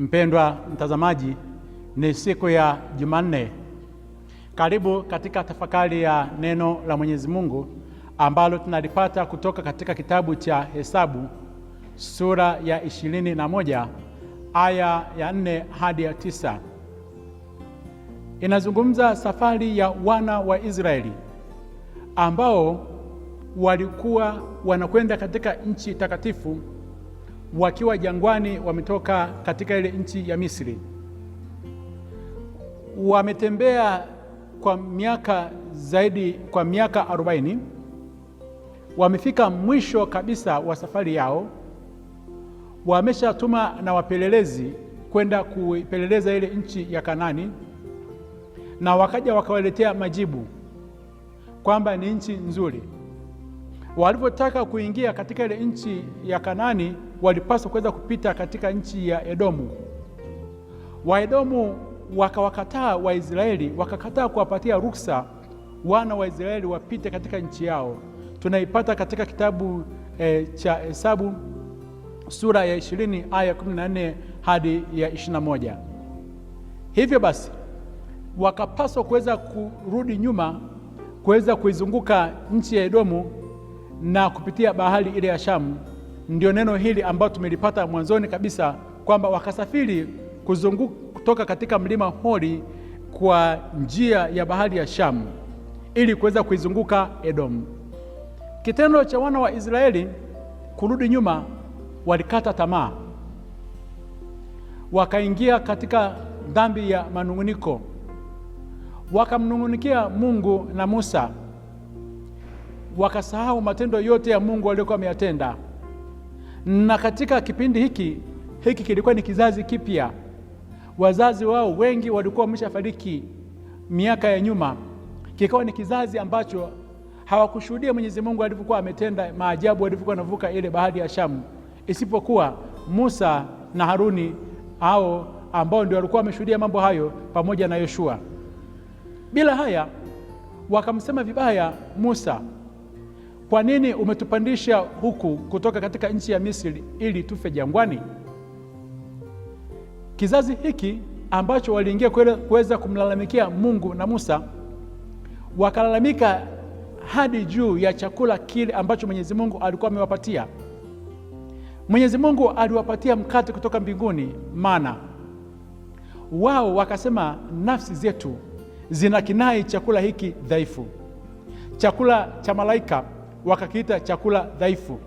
Mpendwa mtazamaji, ni siku ya Jumanne. Karibu katika tafakari ya neno la Mwenyezi Mungu ambalo tunalipata kutoka katika kitabu cha Hesabu sura ya ishirini na moja aya ya nne hadi ya tisa. Inazungumza safari ya wana wa Israeli ambao walikuwa wanakwenda katika nchi takatifu wakiwa jangwani, wametoka katika ile nchi ya Misri, wametembea kwa miaka zaidi kwa miaka arobaini. Wamefika mwisho kabisa wa safari yao, wameshatuma na wapelelezi kwenda kuipeleleza ile nchi ya Kanani, na wakaja wakawaletea majibu kwamba ni nchi nzuri walivyotaka kuingia katika ile nchi ya Kanaani walipaswa kuweza kupita katika nchi ya Edomu. Waedomu wakawakataa Waisraeli, wakakataa kuwapatia ruksa wana wa Israeli wapite katika nchi yao. Tunaipata katika kitabu e, cha Hesabu sura ya 20 aya 14 hadi ya 21. Hivyo basi wakapaswa kuweza kurudi nyuma kuweza kuizunguka nchi ya Edomu na kupitia bahari ile ya Shamu. Ndio neno hili ambalo tumelipata mwanzoni kabisa kwamba wakasafiri kuzunguka kutoka katika mlima Hori kwa njia ya bahari ya Shamu ili kuweza kuizunguka Edomu. Kitendo cha wana wa Israeli kurudi nyuma, walikata tamaa, wakaingia katika dhambi ya manung'uniko, wakamnung'unikia Mungu na Musa wakasahau matendo yote ya Mungu aliyokuwa ameyatenda. Na katika kipindi hiki hiki kilikuwa ni kizazi kipya, wazazi wao wengi walikuwa wameshafariki miaka ya nyuma, kikawa ni kizazi ambacho hawakushuhudia Mwenyezi Mungu alivyokuwa ametenda maajabu alivyokuwa anavuka ile bahari ya Shamu, isipokuwa Musa na Haruni hao ambao ndio walikuwa wameshuhudia mambo hayo pamoja na Yoshua. Bila haya wakamsema vibaya Musa kwa nini umetupandisha huku kutoka katika nchi ya Misri ili tufe jangwani? Kizazi hiki ambacho waliingia kuweza kumlalamikia Mungu na Musa, wakalalamika hadi juu ya chakula kile ambacho Mwenyezi Mungu alikuwa amewapatia. Mwenyezi Mungu aliwapatia mkate kutoka mbinguni, mana. Wao wakasema nafsi zetu zina kinai chakula hiki dhaifu, chakula cha malaika wakakiita chakula dhaifu.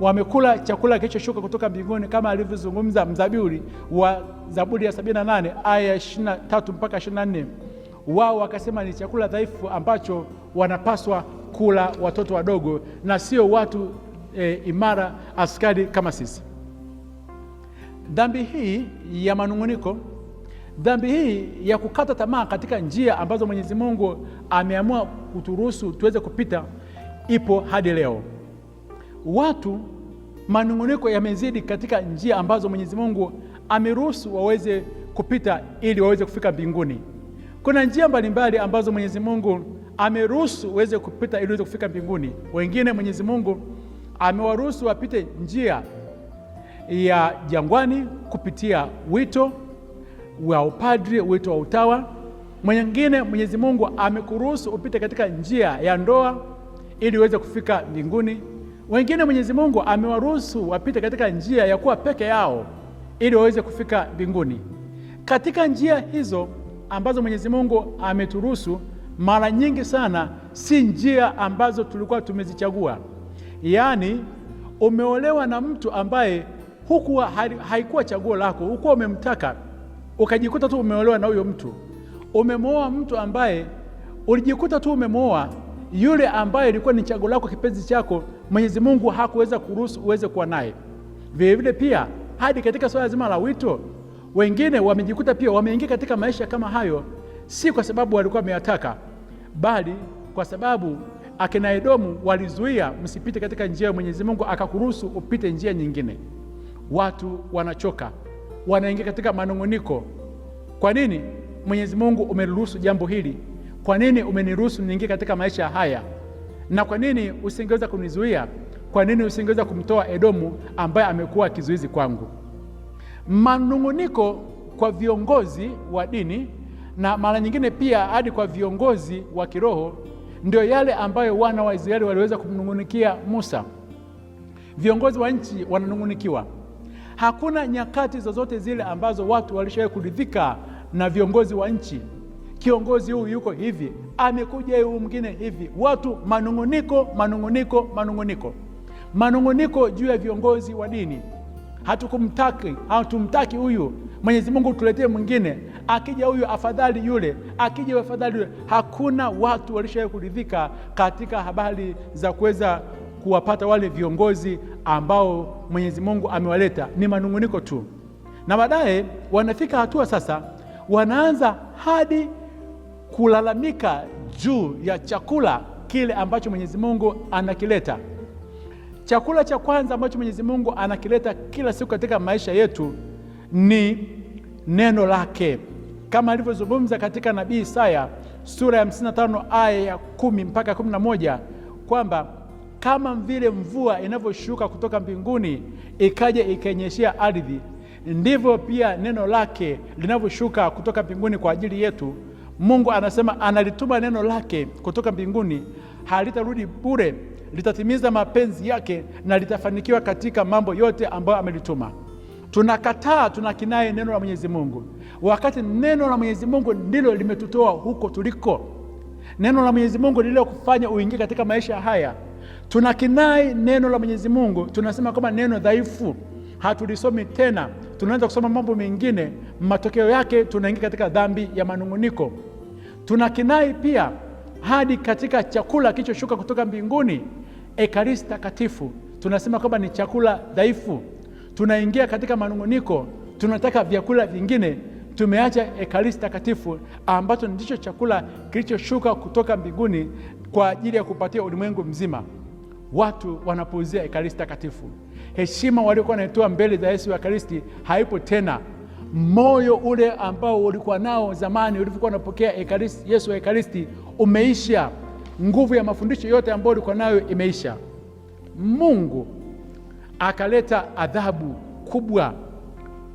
Wamekula chakula kilichoshuka kutoka mbinguni kama alivyozungumza mzaburi wa Zaburi ya 78 aya ya 23 mpaka 24. Wao wakasema ni chakula dhaifu ambacho wanapaswa kula watoto wadogo na sio watu e, imara, askari kama sisi. Dhambi hii ya manung'uniko, dhambi hii ya kukata tamaa katika njia ambazo Mwenyezi Mungu ameamua kuturuhusu tuweze kupita ipo hadi leo. Watu manung'uniko yamezidi katika njia ambazo Mwenyezi Mungu ameruhusu waweze kupita ili waweze kufika mbinguni. Kuna njia mbalimbali ambazo Mwenyezi Mungu ameruhusu waweze kupita ili waweze kufika mbinguni. Wengine Mwenyezi Mungu amewaruhusu wapite njia ya jangwani kupitia wito wa upadri, wito wa utawa. Mwingine Mwenyezi Mungu amekuruhusu upite katika njia ya ndoa ili uweze kufika mbinguni. Wengine Mwenyezi Mungu amewaruhusu wapite katika njia ya kuwa peke yao ili waweze kufika mbinguni. Katika njia hizo ambazo Mwenyezi Mungu ameturuhusu, mara nyingi sana si njia ambazo tulikuwa tumezichagua. Yaani, umeolewa na mtu ambaye hukuwa haikuwa chaguo lako, hukuwa umemtaka, ukajikuta tu umeolewa na huyo mtu. Umemwoa mtu ambaye ulijikuta tu umemwoa yule ambaye ilikuwa ni chaguo lako, kipenzi chako, Mwenyezi Mungu hakuweza kuruhusu uweze kuwa naye. Vilevile pia hadi katika swala zima la wito, wengine wamejikuta pia wameingia katika maisha kama hayo, si kwa sababu walikuwa wameyataka, bali kwa sababu akina Edomu walizuia msipite katika njia ya Mwenyezi Mungu, akakuruhusu upite njia nyingine. Watu wanachoka, wanaingia katika manung'uniko. Kwa nini Mwenyezi Mungu umeruhusu jambo hili? kwa nini umeniruhusu niingie katika maisha haya? Na kwa nini usingeweza kunizuia? Kwa nini usingeweza kumtoa Edomu ambaye amekuwa kizuizi kwangu? Manung'uniko kwa viongozi wa dini na mara nyingine pia hadi kwa viongozi wa kiroho ndio yale ambayo wana wa Israeli waliweza kumnung'unikia Musa. Viongozi wa nchi wananung'unikiwa. Hakuna nyakati zozote zile ambazo watu walishawahi kuridhika na viongozi wa nchi kiongozi huyu yuko hivi, amekuja huyu mwingine hivi, watu manung'uniko, manung'uniko, manung'uniko, manung'uniko juu ya viongozi wa dini. Hatukumtaki, hatumtaki huyu, Mwenyezi Mungu tuletee mwingine, akija huyu afadhali yule, akija huyu afadhali yule. Hakuna watu walishawahi kuridhika katika habari za kuweza kuwapata wale viongozi ambao Mwenyezi Mungu amewaleta, ni manung'uniko tu, na baadaye wanafika hatua sasa, wanaanza hadi kulalamika juu ya chakula kile ambacho Mwenyezi Mungu anakileta. Chakula cha kwanza ambacho Mwenyezi Mungu anakileta kila siku katika maisha yetu ni neno lake, kama alivyozungumza katika nabii Isaya sura ya 55 aya ya kumi mpaka 11 kwamba kama vile mvua inavyoshuka kutoka mbinguni ikaja ikanyeshea ardhi, ndivyo pia neno lake linavyoshuka kutoka mbinguni kwa ajili yetu Mungu anasema analituma neno lake kutoka mbinguni, halitarudi bure, litatimiza mapenzi yake na litafanikiwa katika mambo yote ambayo amelituma. Tunakataa, tunakinae neno la Mwenyezi Mungu, wakati neno la Mwenyezi Mungu ndilo limetutoa huko tuliko. Neno la Mwenyezi Mungu ndilo kufanya uingie katika maisha haya. Tunakinai neno la Mwenyezi Mungu, tunasema kama neno dhaifu, hatulisomi tena, tunaanza kusoma mambo mengine. Matokeo yake tunaingia katika dhambi ya manung'uniko. Tunakinai pia hadi katika chakula kilichoshuka kutoka mbinguni, Ekaristi Takatifu. Tunasema kwamba ni chakula dhaifu, tunaingia katika manung'uniko, tunataka vyakula vingine. Tumeacha Ekaristi Takatifu ambacho ndicho chakula kilichoshuka kutoka mbinguni kwa ajili ya kupatia ulimwengu mzima. Watu wanapuuzia Ekaristi Takatifu, heshima waliokuwa wanaitoa mbele za Yesu wa Ekaristi haipo tena moyo ule ambao ulikuwa nao zamani ulivyokuwa unapokea ekaristi, Yesu ekaristi umeisha. Nguvu ya mafundisho yote ambayo ulikuwa nayo imeisha. Mungu akaleta adhabu kubwa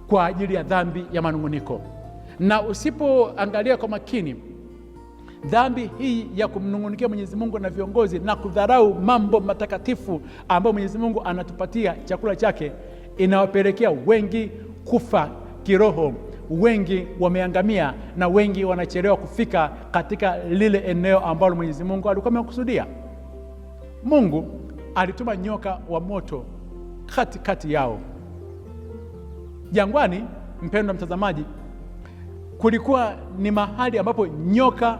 kwa ajili ya dhambi ya manung'uniko, na usipoangalia kwa makini dhambi hii ya kumnung'unikia Mwenyezi Mungu na viongozi na kudharau mambo matakatifu ambayo Mwenyezi Mungu anatupatia chakula chake, inawapelekea wengi kufa kiroho, wengi wameangamia na wengi wanachelewa kufika katika lile eneo ambalo Mwenyezi Mungu alikuwa amekusudia. Mungu alituma nyoka wa moto katikati kati yao jangwani. Mpendwa mtazamaji, kulikuwa ni mahali ambapo nyoka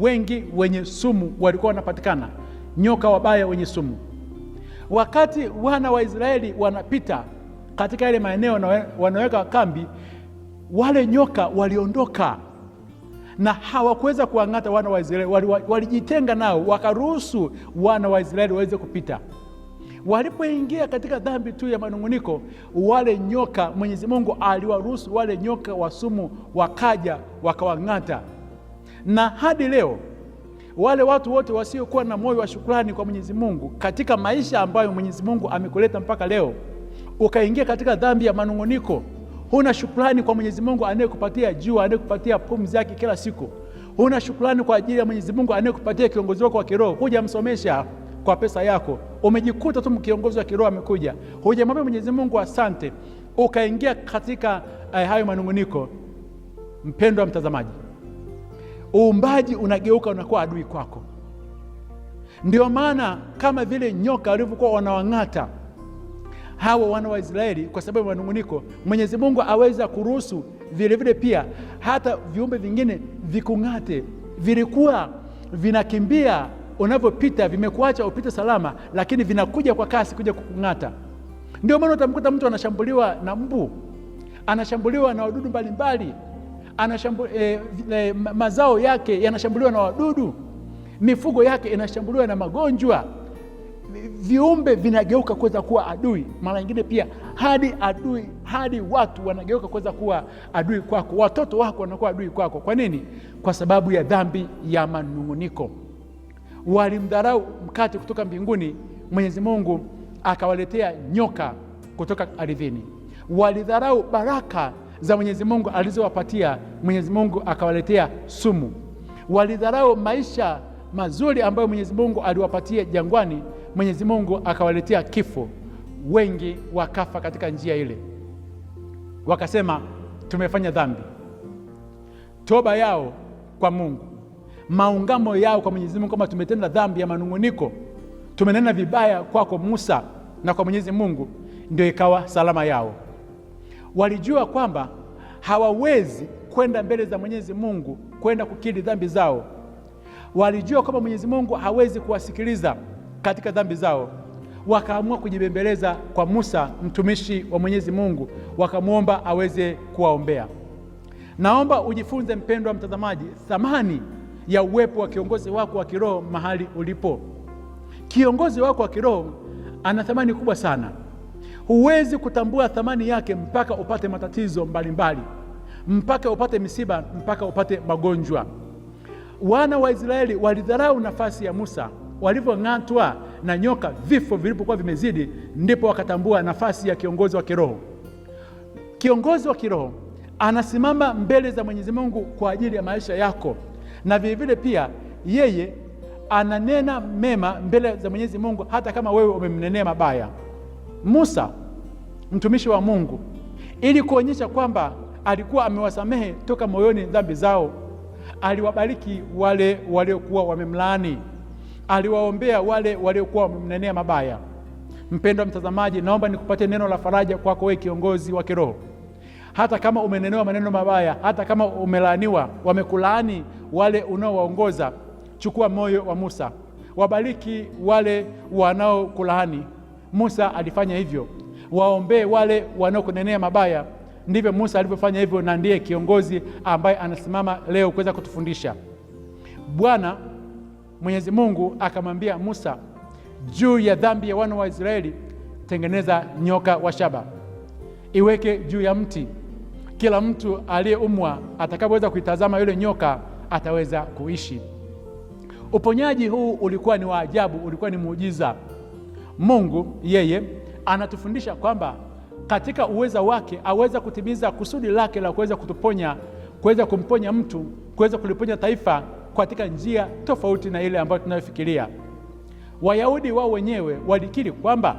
wengi wenye sumu walikuwa wanapatikana, nyoka wabaya wenye sumu. Wakati wana wa Israeli wanapita katika yale maeneo wanaweka kambi, wale nyoka waliondoka na hawakuweza kuwang'ata wana wa Israeli, walijitenga nao, wakaruhusu wana wa Israeli waweze kupita. Walipoingia katika dhambi tu ya manung'uniko, wale nyoka, Mwenyezi Mungu aliwaruhusu wale nyoka wa sumu wakaja wakawang'ata, na hadi leo wale watu wote wasiokuwa na moyo wa shukrani kwa Mwenyezi Mungu katika maisha ambayo Mwenyezi Mungu amekuleta mpaka leo ukaingia katika dhambi ya manung'uniko, huna shukrani kwa Mwenyezi Mungu anayekupatia jua, anayekupatia pumzi yake kila siku, huna shukrani kwa ajili ya Mwenyezi Mungu anayekupatia kiongozi wako wa kiroho, hujamsomesha kwa pesa yako, umejikuta tu kiongozi wa kiroho amekuja, hujamwambia Mwenyezi Mungu asante, ukaingia katika eh, hayo manung'uniko. Mpendwa mtazamaji, uumbaji unageuka unakuwa adui kwako. Ndio maana kama vile nyoka walivyokuwa wanawang'ata hawa wana wa Israeli kwa sababu ya manunguniko, Mwenyezi Mungu aweza kuruhusu vilevile pia hata viumbe vingine vikung'ate. Vilikuwa vinakimbia unavyopita, vimekuacha upite salama, lakini vinakuja kwa kasi kuja kukung'ata. Ndio maana utamkuta mtu anashambuliwa na mbu, anashambuliwa na wadudu mbalimbali anashambu, eh, eh, mazao yake yanashambuliwa na wadudu, mifugo yake inashambuliwa na magonjwa viumbe vinageuka kuweza kuwa adui, mara nyingine pia hadi adui, hadi watu wanageuka kuweza kuwa adui kwako, watoto wako wanakuwa adui kwako. Kwa nini? Kwa sababu ya dhambi ya manung'uniko. Walimdharau mkate kutoka mbinguni, Mwenyezi Mungu akawaletea nyoka kutoka ardhini. Walidharau baraka za Mwenyezi Mungu alizowapatia, Mwenyezi Mungu akawaletea sumu. Walidharau maisha mazuri ambayo Mwenyezi Mungu aliwapatia jangwani Mwenyezi Mungu akawaletea kifo, wengi wakafa katika njia ile, wakasema tumefanya dhambi. Toba yao kwa Mungu, maungamo yao kwa Mwenyezi Mungu, kama tumetenda dhambi ya manung'uniko, tumenena vibaya kwako kwa Musa na kwa Mwenyezi Mungu, ndio ikawa salama yao. Walijua kwamba hawawezi kwenda mbele za Mwenyezi Mungu kwenda kukiri dhambi zao. Walijua kwamba Mwenyezi Mungu hawezi kuwasikiliza katika dhambi zao, wakaamua kujibembeleza kwa Musa mtumishi wa Mwenyezi Mungu, wakamwomba aweze kuwaombea. Naomba ujifunze mpendwa mtazamaji, thamani ya uwepo wa kiongozi wako wa kiroho mahali ulipo. Kiongozi wako wa kiroho ana thamani kubwa sana. Huwezi kutambua thamani yake mpaka upate matatizo mbalimbali mbali, mpaka upate misiba, mpaka upate magonjwa. Wana wa Israeli walidharau nafasi ya Musa walivyong'atwa na nyoka, vifo vilipokuwa vimezidi, ndipo wakatambua nafasi ya kiongozi wa kiroho. Kiongozi wa kiroho anasimama mbele za Mwenyezi Mungu kwa ajili ya maisha yako, na vile pia yeye ananena mema mbele za Mwenyezi Mungu hata kama wewe umemnenea mabaya. Musa mtumishi wa Mungu, ili kuonyesha kwamba alikuwa amewasamehe toka moyoni dhambi zao, aliwabariki wale waliokuwa wamemlaani aliwaombea wale waliokuwa wamemnenea mabaya. Mpendwa mtazamaji, naomba nikupatie neno la faraja kwako wewe kiongozi wa kiroho. Hata kama umenenewa maneno mabaya, hata kama umelaaniwa, wamekulaani wale unaowaongoza, chukua moyo wa Musa, wabariki wale wanaokulaani. Musa alifanya hivyo, waombee wale wanaokunenea mabaya. Ndivyo Musa alivyofanya hivyo, na ndiye kiongozi ambaye anasimama leo kuweza kutufundisha Bwana Mwenyezi Mungu akamwambia Musa juu ya dhambi ya wana wa Israeli, tengeneza nyoka wa shaba, iweke juu ya mti. Kila mtu aliyeumwa atakapoweza kuitazama yule nyoka ataweza kuishi. Uponyaji huu ulikuwa ni wa ajabu, ulikuwa ni muujiza. Mungu yeye anatufundisha kwamba katika uweza wake aweza kutimiza kusudi lake la kuweza kutuponya, kuweza kumponya mtu, kuweza kuliponya taifa katika njia tofauti na ile ambayo tunayofikiria. Wayahudi wao wenyewe walikiri kwamba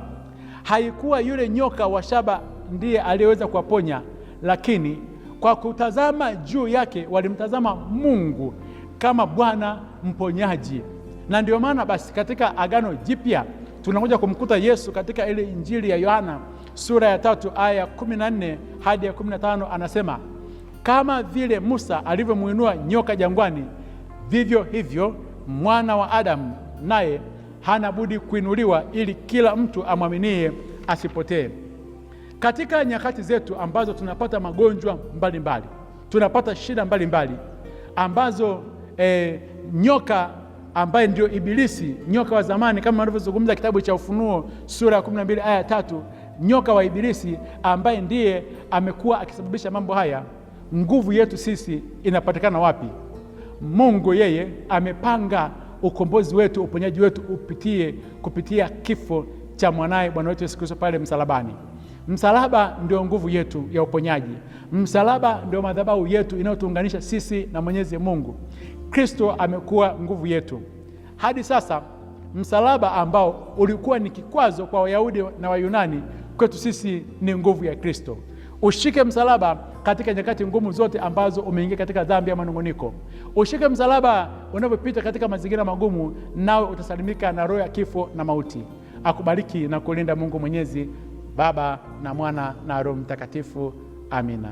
haikuwa yule nyoka wa shaba ndiye aliyeweza kuwaponya, lakini kwa kutazama juu yake walimtazama Mungu kama Bwana mponyaji. Na ndio maana basi katika Agano Jipya tunakuja kumkuta Yesu katika ile Injili ya Yohana sura ya tatu aya ya kumi na nne hadi ya kumi na tano anasema, kama vile Musa alivyomwinua nyoka jangwani Vivyo hivyo mwana wa Adamu naye hana budi kuinuliwa, ili kila mtu amwaminie asipotee. Katika nyakati zetu ambazo tunapata magonjwa mbalimbali mbali, tunapata shida mbalimbali mbali, ambazo e, nyoka ambaye ndio Ibilisi, nyoka wa zamani, kama anavyozungumza kitabu cha Ufunuo sura ya 12 aya ya tatu, nyoka wa Ibilisi ambaye ndiye amekuwa akisababisha mambo haya. Nguvu yetu sisi inapatikana wapi? Mungu yeye amepanga ukombozi wetu, uponyaji wetu upitie kupitia kifo cha mwanaye Bwana wetu Yesu Kristo pale msalabani. Msalaba ndio nguvu yetu ya uponyaji. Msalaba ndio madhabahu yetu inayotuunganisha sisi na Mwenyezi Mungu. Kristo amekuwa nguvu yetu hadi sasa. Msalaba ambao ulikuwa ni kikwazo kwa Wayahudi na Wayunani, kwetu sisi ni nguvu ya Kristo. Ushike msalaba katika nyakati ngumu zote ambazo umeingia katika dhambi ya manunguniko. Ushike msalaba unapopita katika mazingira magumu, nawe utasalimika na roho ya kifo na mauti. Akubariki na kulinda Mungu Mwenyezi, Baba na Mwana na Roho Mtakatifu. Amina.